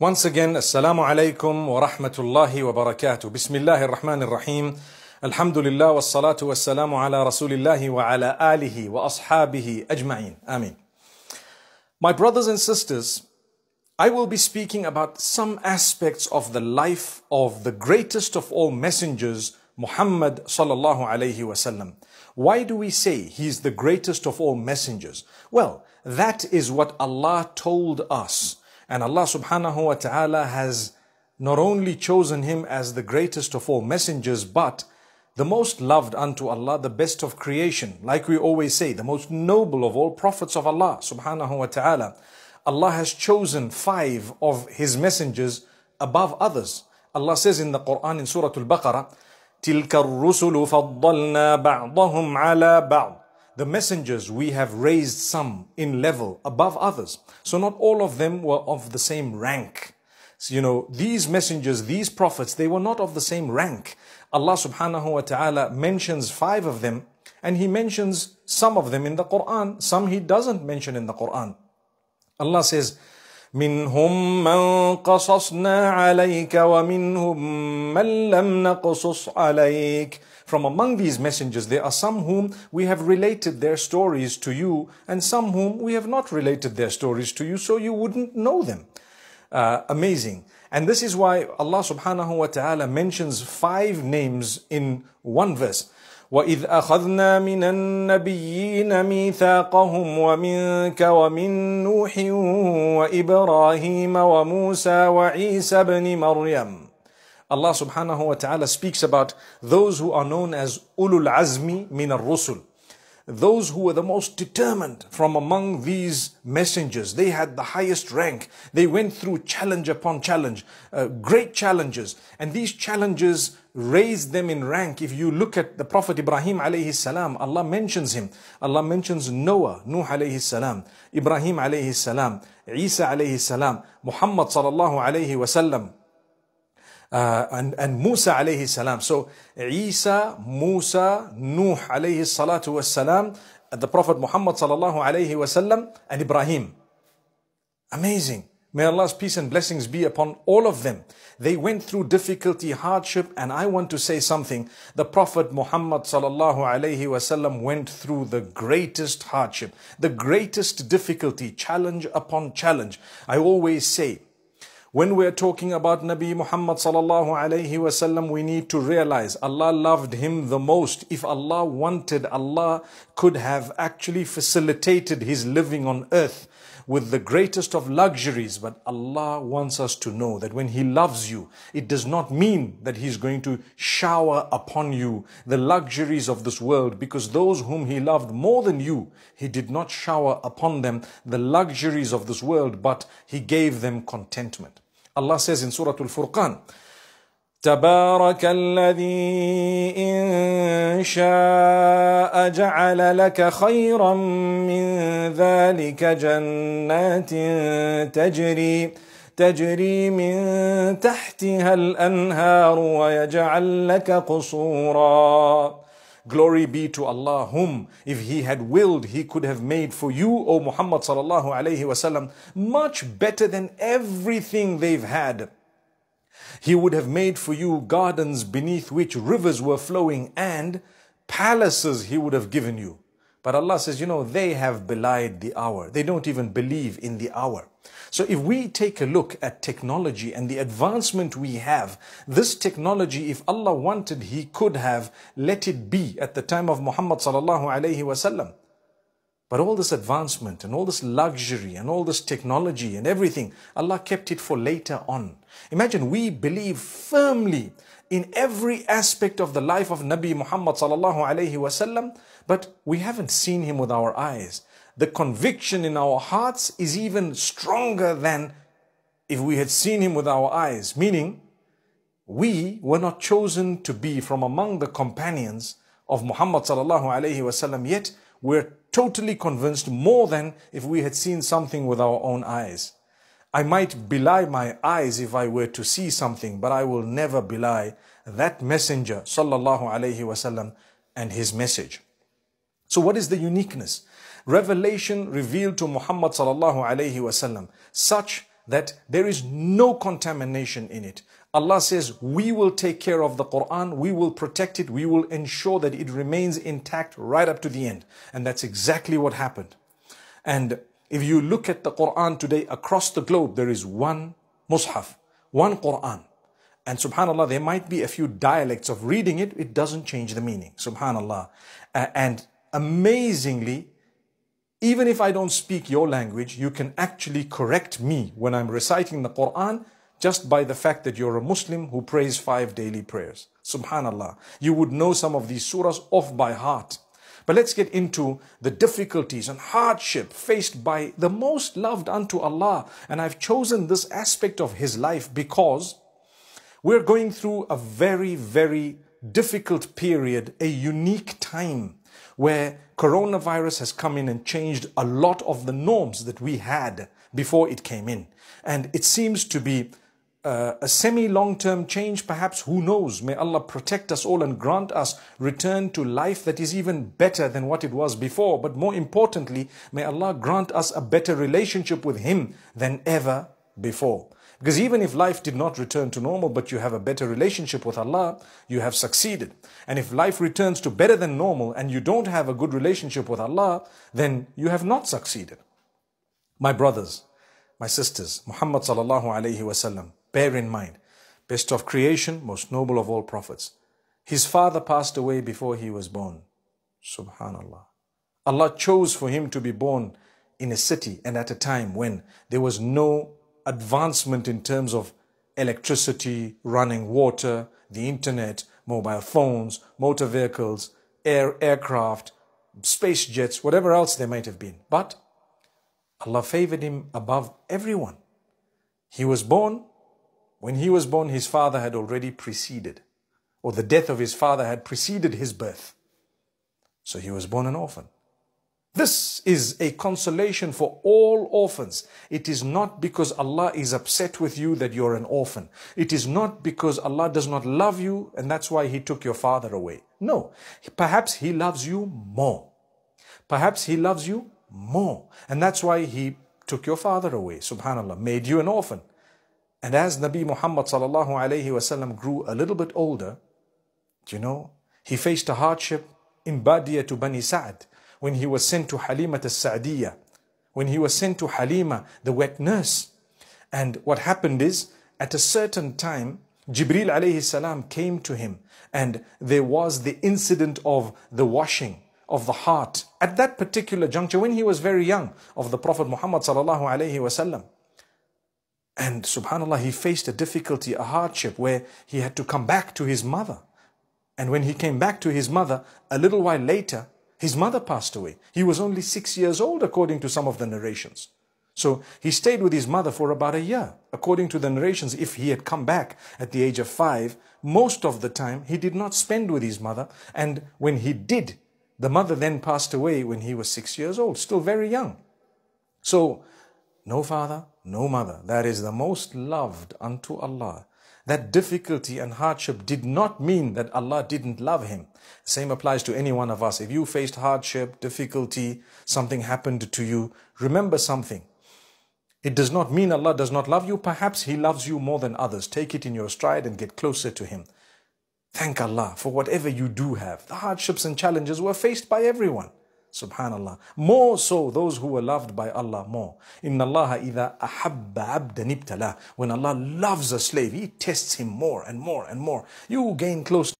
Once again, Assalamu alaikum wa rahmatullahi wa barakatuh. Bismillahir Rahmanir Rahim. Alhamdulillah wa salatu wa salamu ala rasulillahi wa ala alihi wa ashabihi ajma'in. Ameen. My brothers and sisters, I will be speaking about some aspects of the life of the greatest of all messengers, Muhammad sallallahu alayhi wasallam. Why do we say he's the greatest of all messengers? Well, that is what Allah told us and Allah subhanahu wa ta'ala has not only chosen him as the greatest of all messengers, but the most loved unto Allah, the best of creation. Like we always say, the most noble of all prophets of Allah subhanahu wa ta'ala. Allah has chosen five of his messengers above others. Allah says in the Quran in Surah Al-Baqarah, تِلْكَ الرُّسُلُ فَضَّلْنَا بَعْضَهُمْ عَلَى بَعْضٍ the messengers we have raised some in level above others. So not all of them were of the same rank. So, you know, these messengers, these prophets, they were not of the same rank. Allah subhanahu wa ta'ala mentions five of them and he mentions some of them in the Quran, some he doesn't mention in the Quran. Allah says, منهم من قصصنا عليك ومنهم من لم نقصص عليك from among these messengers, there are some whom we have related their stories to you, and some whom we have not related their stories to you, so you wouldn't know them. Uh, amazing. And this is why Allah subhanahu wa ta'ala mentions five names in one verse. وإذ أخذنا من النبيين ميثاقهم ومنك ومن نوح وإبراهيم وموسى وعيسى بن مريم Allah subhanahu wa ta'ala speaks about those who are known as ulul azmi min ar-rusul. Those who were the most determined from among these messengers, they had the highest rank. They went through challenge upon challenge, uh, great challenges. And these challenges raised them in rank. If you look at the Prophet Ibrahim alayhi salam, Allah mentions him. Allah mentions Noah, Nuh alayhi salam, Ibrahim alayhi salam, Isa alayhi salam, Muhammad sallallahu alayhi wasallam. Uh, and, and Musa alayhi salam. So Isa, Musa, Nuh alayhi salatu was salam, the Prophet Muhammad sallallahu alayhi wasallam, and Ibrahim. Amazing. May Allah's peace and blessings be upon all of them. They went through difficulty, hardship, and I want to say something. The Prophet Muhammad sallallahu alaihi wasallam went through the greatest hardship, the greatest difficulty, challenge upon challenge. I always say, when we're talking about Nabi Muhammad sallallahu alayhi wasallam, we need to realize Allah loved him the most. If Allah wanted, Allah could have actually facilitated his living on earth with the greatest of luxuries. But Allah wants us to know that when He loves you, it does not mean that He's going to shower upon you the luxuries of this world because those whom He loved more than you, He did not shower upon them the luxuries of this world, but He gave them contentment. Allah says in Surah Al-Furqan, تبارك الذي إن شاء جعل لك خيرا من ذلك جنات تجري تجري من تحتها الأنهار ويجعل لك قصورا Glory be to Allah, whom, if He had willed, He could have made for you, O Muhammad sallallahu alayhi sallam much better than everything they've had. He would have made for you gardens beneath which rivers were flowing and palaces he would have given you. But Allah says, you know, they have belied the hour. They don't even believe in the hour. So if we take a look at technology and the advancement we have, this technology, if Allah wanted, He could have let it be at the time of Muhammad sallallahu alayhi wasallam. But all this advancement and all this luxury and all this technology and everything, Allah kept it for later on. Imagine we believe firmly in every aspect of the life of Nabi Muhammad sallallahu alaihi wasallam, but we haven't seen him with our eyes. The conviction in our hearts is even stronger than if we had seen him with our eyes, meaning we were not chosen to be from among the companions of Muhammad sallallahu alaihi wasallam yet we're totally convinced more than if we had seen something with our own eyes. I might belie my eyes if I were to see something, but I will never belie that messenger, sallallahu alaihi wasallam, and his message. So what is the uniqueness? Revelation revealed to Muhammad sallallahu alaihi wasallam, such that there is no contamination in it. Allah says, we will take care of the Quran, we will protect it, we will ensure that it remains intact right up to the end. And that's exactly what happened. And if you look at the Quran today across the globe, there is one Mus'haf, one Quran. And subhanAllah, there might be a few dialects of reading it, it doesn't change the meaning. SubhanAllah. and amazingly, even if I don't speak your language, you can actually correct me when I'm reciting the Quran just by the fact that you're a Muslim who prays five daily prayers. Subhanallah. You would know some of these surahs off by heart. But let's get into the difficulties and hardship faced by the most loved unto Allah. And I've chosen this aspect of his life because we're going through a very, very difficult period, a unique time where coronavirus has come in and changed a lot of the norms that we had before it came in. And it seems to be uh, a semi long term change, perhaps, who knows? May Allah protect us all and grant us return to life that is even better than what it was before. But more importantly, may Allah grant us a better relationship with Him than ever before. Because even if life did not return to normal, but you have a better relationship with Allah, you have succeeded. And if life returns to better than normal and you don't have a good relationship with Allah, then you have not succeeded. My brothers, my sisters, Muhammad sallallahu alayhi wasallam, bear in mind, best of creation, most noble of all prophets. His father passed away before he was born. Subhanallah. Allah chose for him to be born in a city and at a time when there was no advancement in terms of electricity, running water, the internet, mobile phones, motor vehicles, air, aircraft, space jets, whatever else there might have been. But Allah favored him above everyone. He was born when he was born, his father had already preceded, or the death of his father had preceded his birth. So he was born an orphan. This is a consolation for all orphans. It is not because Allah is upset with you that you're an orphan. It is not because Allah does not love you and that's why He took your father away. No. Perhaps He loves you more. Perhaps He loves you more. And that's why He took your father away. Subhanallah. Made you an orphan. And as Nabi Muhammad sallallahu alayhi wasallam grew a little bit older, you know, he faced a hardship in Badia to Bani Sa'd when he was sent to Halima al-Sa'diyah, when he was sent to Halima, the wet nurse. And what happened is, at a certain time, Jibril alayhi salam came to him and there was the incident of the washing of the heart at that particular juncture when he was very young of the Prophet Muhammad sallallahu alayhi wasallam. And subhanAllah, he faced a difficulty, a hardship where he had to come back to his mother. And when he came back to his mother, a little while later, his mother passed away. He was only six years old, according to some of the narrations. So he stayed with his mother for about a year. According to the narrations, if he had come back at the age of five, most of the time he did not spend with his mother. And when he did, the mother then passed away when he was six years old, still very young. So no father, no mother. That is the most loved unto Allah. That difficulty and hardship did not mean that Allah didn't love him. The same applies to any one of us. If you faced hardship, difficulty, something happened to you, remember something. It does not mean Allah does not love you. Perhaps He loves you more than others. Take it in your stride and get closer to Him. Thank Allah for whatever you do have. The hardships and challenges were faced by everyone. Subhanallah. More so those who were loved by Allah more. Inna Allah ida ahabba abdan ibtala. When Allah loves a slave, He tests him more and more and more. You gain close